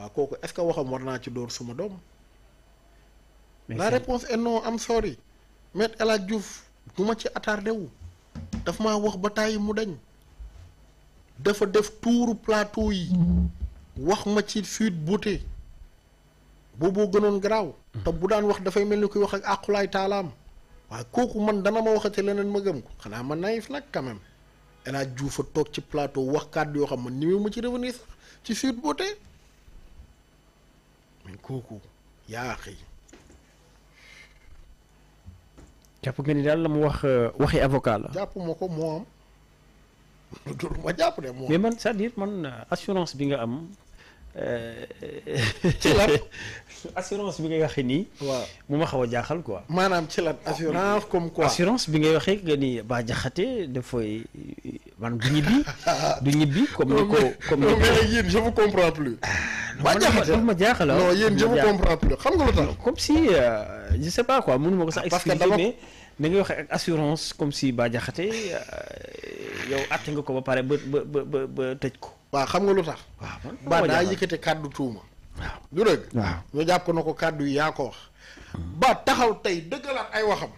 waaw kooku est-ce que waxam war naa ci dóor suma doom la réponse est non am sorry Maître El Hadj Diouf ma ci attardé wu dafa ma wax ba tàyyi mu dañ dafa def tuuru plateau yi wax ma ci Sweet Beauté booboo gënoon garaaw hmm. te bu daan wax dafay mel ni kuy wax ak àqulaay taalaam waaye kooku man dana ma wax waxate leneen ma gëm ko xanaa ma naïf nag quand même El Hadj Diouf a toog ci plateau wax kàddu yoo xam ma ni ma ci revenir sax ci Sweet Beauté mais kooku yaa xëy. nga ni daal la mu wax euh, waxi avocat la. jàpp ma ko moo am. ma jàpp de moo am mais man cest à man euh, assurance bi nga am. Euh, euh, ci lan assurance bi ngay waxee nii. waaw mu ma xaw a jaaxal quoi. maanaam ci assurance comme quoi. bi ngay waxee que ni Bah Diakhaté dafay maanaam du ñibbi. du ñibbi comme ni ko comme ni ko. mais yéen je ma jaaxal non yéen je vous comprends plus comme si euh, je sais pas quoi mënu ma ko sax expliquer mais. da ngay waxee ak assurance comme si Bah Diakhaté yow àtte nga ko ba pare ba ba ba ba tëj ko. waa xam nga lu tax. waaw ba daa yëkkate kàddu tuuma. waaw lu dëgg. waaw jàpp na ko kàddu yi yaa ko wax. Hmm. ba taxaw tey dëggalaat ay waxam.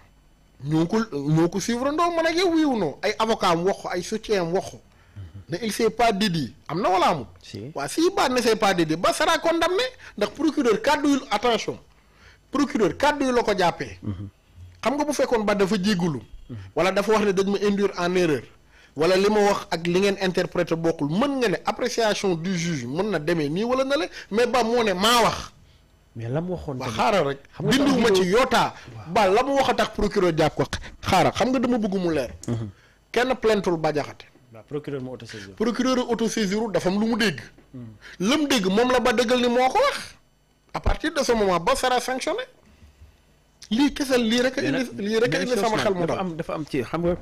ñoo ko ñoo ko suivre ndoo man ak yow wiiw noo ay avocat am wax ko ay soutien am wax hmm. ne il s'est pas dédié am na wala amul. si waaw si Ba ne s'est pas dédié ba sera condamné ndax procureur kàddu yi attention procureur kàddu yi la ko jàppee. Hmm. xam nga bu fekkoon ba dafa jéggulu wala dafa wax ne dañ ma induire en erreur. wala li ma wax ak li ngeen interprété bokkul mën nga ne appréciation di juge mën na demee nii wala na la mais ba moo ne maa wax. mais la mu waxoon ba xaaral rek. dindiw ma ci yootaa. ba la mu wax a tax procureur jàpp ko xaaral xam nga dama bëgg mu leer. Mhm. kenn plaintul ba jaxate. waaw procureur mu autosaisir. procureur autosaisir dafa am lu mu dégg. Mhm. la mu dégg moom la ba dëggal ni moo ko wax. à partir de ce moment ba sera sanctionné. lii kesal lii rek a indi lii rek a indi sama xel mu dal dafa am dafa am ci xam nga.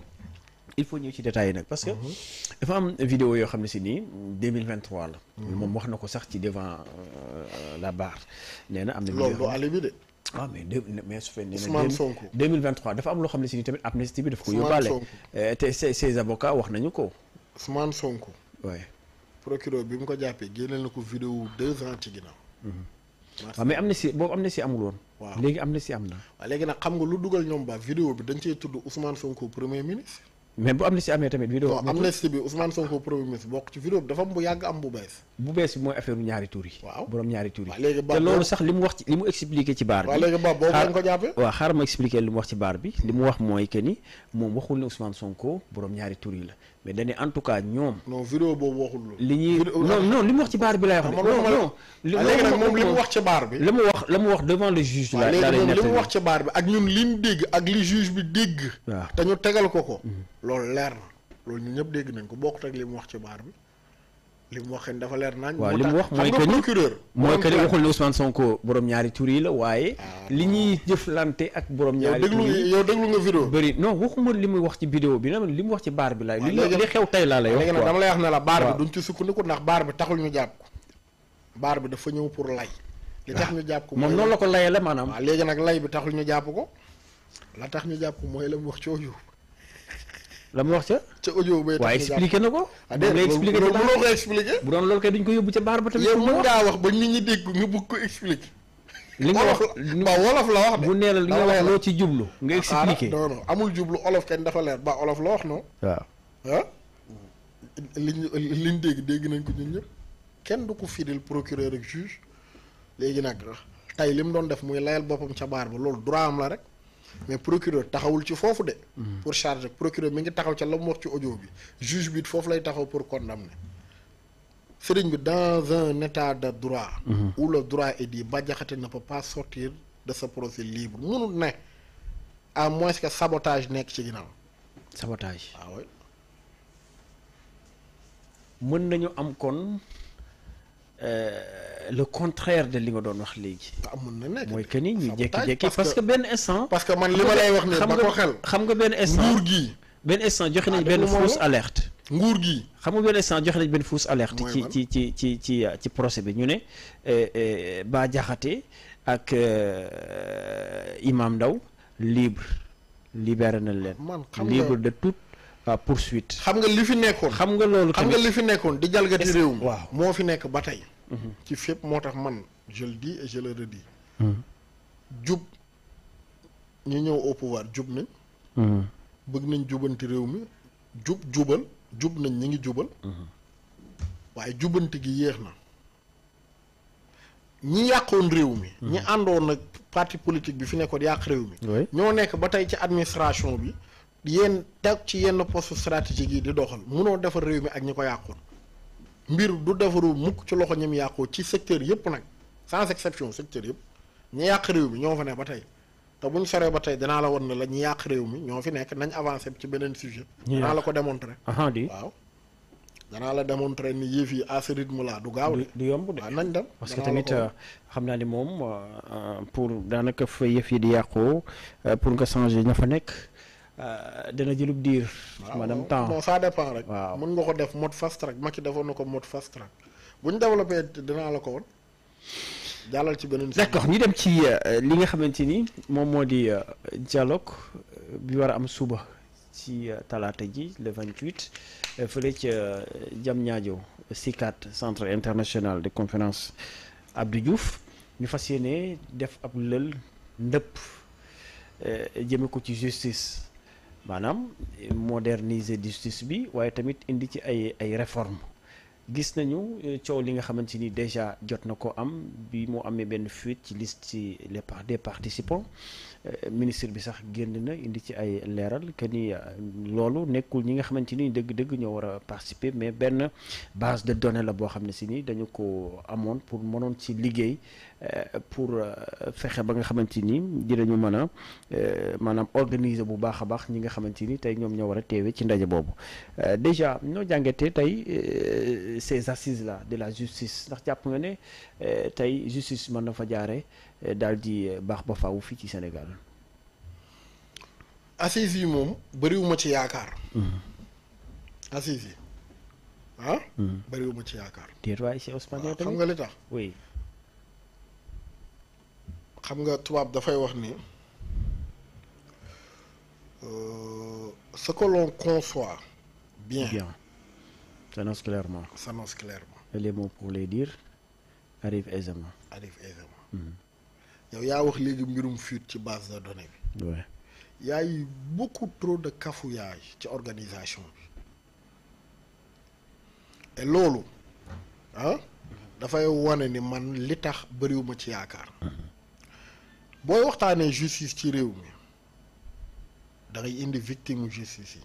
il faut ñëw ci détails yi nag parce que mhm. dafa am vidéo yoo xam ne si nii 2023 la mhm. moom wax na ko sax ci devant euh, la barre nee na am na loolu àll bi de ah mais de mais su fekkee Ousmane Sonko 2023 dafa am loo xam ne si nii tamit amnistie bi daf ko yóbbaale euh, te ses avocats wax nañu ko Ousmane Sonko waaye procureur bi mu ko jàppee génneel na ko vidéo deux ans ci ginnaaw waaw mhm. ah, mais amnistie boobu amnistie amul woon waaw léegi si am na waaw léegi nag xam nga lu dugal ñoom ba vidéo bi dañ cee tudd Ousmane Sonko premier ministre mais bu amnistie amee tamit. vidéo amnistie bi Ousmane Sonko premier ministre bokk ci vidéo bi dafa am bu yàgg am bu bees. bu bees bi mooy affaire ñaari tur yi. ñaari tur te loolu sax li mu wax li mu expliqué ci baar bi. waaw léegi ba boobu ko jàppee. waaw xaaral li mu wax ci baar bi li mu wax mooy que ni moom waxul ne Ousmane Sonko borom ñaari tur la. mais dañu en tout cas ñoom. non vidéo boobu waxul loolu. li ñuy non non li mu wax ci baar bi laay wax. non ah, léegi nag moom li mu wax ci bi. la mu wax la mu wax devant le juge. la la li mu wax ci baar bi ak ñun li mu dégg ak li juge bi dégg. waaw te ñu tegal ko ko. Mm-hmm. loolu leer loolu ñun ñëpp dégg nañ ko bokkut teg li mu wax ci baar bi. li mu wax dafa leer nañ. waaw li mu wax mooy que procureur mooy que ni waxul ne Ousmane Sonko borom ñaari tur yi la waaye. Ah. li ñuy jëflante ak borom. ñaari tur yi yow déglu nga waxuma li mu wax ci vidéo bi na li mu wax ci baar bi laay. li li xew tey laa lay wax léegi nag dama lay wax ne la baar bi duñ ci sukkandiku ndax baar bi taxul ñu jàpp ko. baar bi dafa ñëw pour lay. li tax ah. ñu jàpp ko moom noonu la ko layee la maanaam. waaw léegi nag lay bi taxul ñu jàpp ko la tax ñu jàpp ko mooy la mu wax cooju la mu wax ca. ca audio bay waaye expliqué na ko. Ah, déedéet loolu mënoo ko expliqué. bu doon loolu kay duñ ko yóbbu ca baar ba tamit. yow mën ngaa wax ba nit ñi dégg nga bëgg ko expliqué. li ko wax ba wolof la bu nee la li nga wax loo ci jublu. nga ah, ah, expliqué non amul jublu olof kenn dafa leer ba olof la wax noonu. waaw liñ liñ dégg dégg nañ ko ñun ñëpp kenn du ko firil procureur ak juge léegi nag tey li mu doon def muy layal boppam ca baar ba loolu droit am la rek. mais procureur taxawul ci foofu de. Hmm. pour charger procureur mi ngi taxaw ca la mu ci audio bi juge bi foofu lay taxaw pour condamner sëriñ bi dans un neta de droit. Hmm. où le droit est dit Bah na ne peut pas sortir de ce procès libre mënul ne à moins que sabotage nekk ci ginnaaw. sabotage waaw. Ah mën nañu am kon. Euh, le contraire de li nga doon wax léegi. amoon na nekk mooy que ni ñu jékki-jékki parce que benn instant. parce que man li ma lay wax ne ba ko xel xam nga benn instant nguur gi. benn instant joxe nañ ah, benn fausse alerte. nguur gi xam nga benn instant joxe nañ benn fausse alerte. ci ci ci ci ci euh, ci procès bi ñu ne euh, Bah Diakhaté ak Imam Ndao libre libéré na leen. libre de toute. ah poursuite. xam nga li fi nekkoon. xam nga loolu xam nga li fi nekkoon di jalgati réew mi. waaw moo fi nekk ba tey. Mhm. ci fépp moo tax man je le dis et je mhm. jub ñu ñëw au pouvoir jub nañ. Mhm. bëgg nañ jubanti réew mi jub jubal jub nañ ñi ngi jubal. waaye jubanti gi yéex na. ñi yàqoon réew mi. ñi àndoon nag parti politique bi fi nekkoon yàq réew mi. ñoo nekk ba tey ci administration bi. yéen teg ci yenn poste stratégique yi di doxal munoo defar réew mi ak ñi ko yàqoon mbir du defaru mukk ci loxo ñim yàqoo ci secteur yëpp nag sans exception secteur yëpp ñi yàq réew mi ñoo fa ne ba tey te buñ soree ba tey danaa la wan ne la ñi yàq réew mi ñoo fi nekk nañ avancé ci beneen sujet danaa la ko démontrer waaw danaa la démontrer ni yëf yi à ce rythme du gaaw de. du yomb de nañ dem. parce que tamit euh, xam naa ni moom euh, euh, pour daanaka fa di yàqoo pour nga changer ña fa nekk. Euh, dana jëlub diir. maanaam temps moo ça dépend rek. waaw mën nga ko def mode fast track Macky defoon na ko mode fast track bu ñu développé dinaa la ko woon jàllal ci beneen. d'accord ñu dem ci euh, li nga xamante ni moom moo di euh, dialogue bi war a am suba ci talaata ji le 28 fële jam Diamniadio CICAD centre international de conférence du Diouf ñu fas yéene def ab lël ndëpp jëme ko ci justice. maanaam moderniser justice bi waaye tamit indi ci ay ay réformes gis nañu euh, coow li nga xamante ni déjà jot na ko am bi moo amee benn fuite ci liste ci les des participants euh, ministre bi sax génn na indi ci ay leeral que nii euh, loolu nekkul ñi nga xamante ni dëgg-dëgg ñoo war a participer mais benn base de données la boo xam ne si nii dañu ko amoon pour mënoon ci liggéey pour fexe ba nga xamante ni dinañu mën a maanaam organiser bu baax a baax ñi nga xamante ni tey ñoom ñoo war a teewee ci ndaje boobu déjà ñoo jàngatee tey. ces assises là de la justice ndax jàpp nga ne eh, tey justice man na fa jaare eh, daal di eh, baax ba faw fii ci Sénégal. assises yi moom bëriwuma ci yaakaar. Hmm. assises yi ah. Hmm. ci yaakaar. déet waay si Ousmane ah, xam nga li tax oui. xam nga tubaab dafay wax ni euh, ce que l'on conçoit bien. s'annonce clairement. s'annonce clairement. Et les pour les dire arrivent aisément. arrivent aisément. Mhm. yow yaa wax léegi mbirum fuite ci base de données bi. oui y a trop de cafouillage ci organisation bi. et loolu ah, dafay wane ni man li tax bëriwuma ci yaakaar. Mhm. booy waxtaanee justice ci réew mi da indi victime justice yi.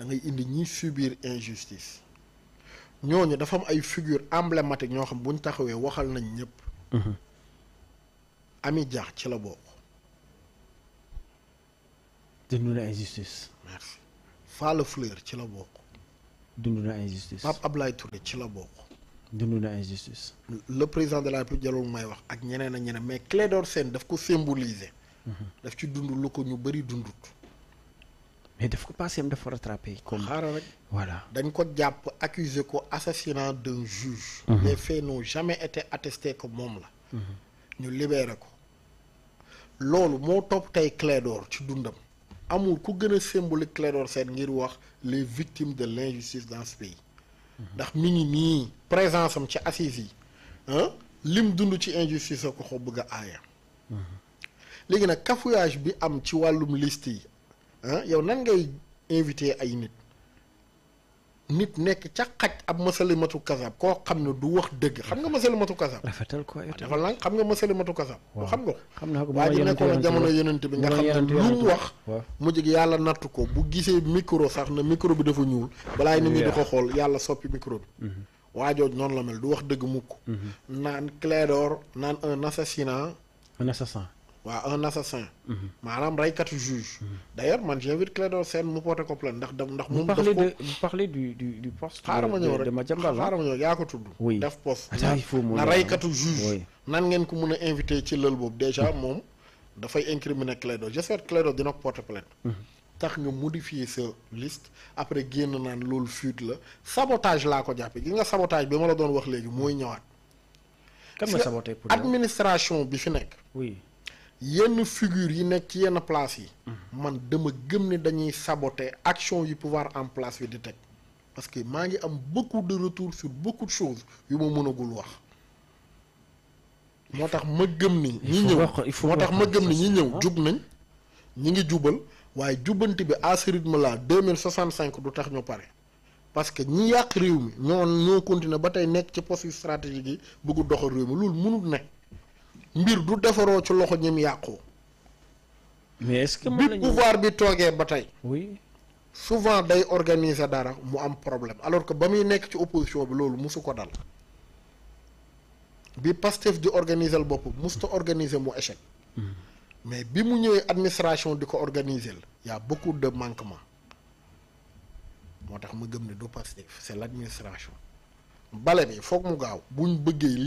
da ngay indi ñi subir injustice ñooñu dafa am ay figure emblématique ñoo xam bu ñu taxawee waxal nañ ñëpp. Mhm. Ami Dia ci la bokk. dund na injustice. merci Fleur ci la bokk. dund na injustice Pape Ablaye Touré ci la bokk. dund na injustice. le président de la République jalul may wax ak ñeneen ak ñeneen mais Clédor Sène daf ko symboliser. Mhm. daf ci dund lu ko ñu bari dundut. mais daf ko passé am dafa rattrapé. kon xaaral rek voilà. dañ ko jàpp accuser ko assassinat d'un juge. Mhm. les faits n'ont jamais été attestés que moom la. Mhm. ñu libere ko. loolu moo topp tey Clédor ci dundam. amul ku gën a symbolique Clédor Sène ngir wax les victimes de l'injustice dans pays. Mhm. ndax mu ngi nii présence am ci assis yi lim dund ci injustice a ko xoo bëgg a aaya nag cafouillage bi am ci wàllum liste yi ah yow nan ngay invité ay nit nit nekk ca xaj ab masalimatu kasab koo xam ne du wax dëgg xam nga masalimatu kasab rafetal ko dafa lan xam nga masalimatu kasab bu xam nga ko xam naa ko waa ji nekkoon jamono yonent bi nga xam ne lu mu wax mu jig yàlla nattu ko bu gisee micro sax na micro bi dafa ñuul balaa nit ñi di ko xool yàlla soppi micro bi mm-hmm. waajooj noonu la mel du wax dëgg mukk mm-hmm. naan clé d'or naan un waa un assassin. Mhm. maanaam reykatu juge. Mhm. d' ailleurs man j'invite Clédor Sène mu porté ko plainte ndax ndax. moom daf ko vous parlez du du du poste. xaaral ma ñëw rek de Madiambal xaaral ma ñëw yaa ko tudd. oui def poste. na reykatu juge. nan ngeen ko mën a invité ci lël boobu déjà mhm. moom dafay incriminer Clédor j' espère Clédor dina ko porté plainte. tax nga modifier sa liste après génn naan loolu fuite la sabotage laa ko jàppee gis nga sabotage bi ma la doon wax léegi mooy ñëwaat. kan nga saboté pour bi fi nekk. oui. yenn figure yi nekk ci yenn place yi. man dama gëm ni dañuy saboter action yu pouvoir en place bi di teg parce que maa ngi am beaucoup de retours sur beaucoup de choses yu ma mënagul wax. moo tax ma gëm ni. ñi ñëw moo tax ma gëm ni ñi ñëw jub nañ. ñi ngi jubal waaye jubbanti bi à ce rythme là mille soixante cinq du tax ñu pare. parce que ñi yàq réew mi ñoo ñoo continuer ba tey nekk ci poste stratégique yi bëgg doxal réew mi loolu mënul nekk. mbir du defaroo ci loxo ñim yàqu. mais est-ce que bi pouvoir bi toogee ba tey. oui souvent day organiser dara mu am problème alors que ba muy nekk ci opposition bi loolu musu ko dal bi Pastef di organiser bopp musta organiser mu échec. Hmm. mais bi mu ñëwee administration di ko organiser la y a beaucoup de manquements moo tax ma gëm ne du Pastef c'est l'administration bale bi foog mu gaaw buñ bëggee.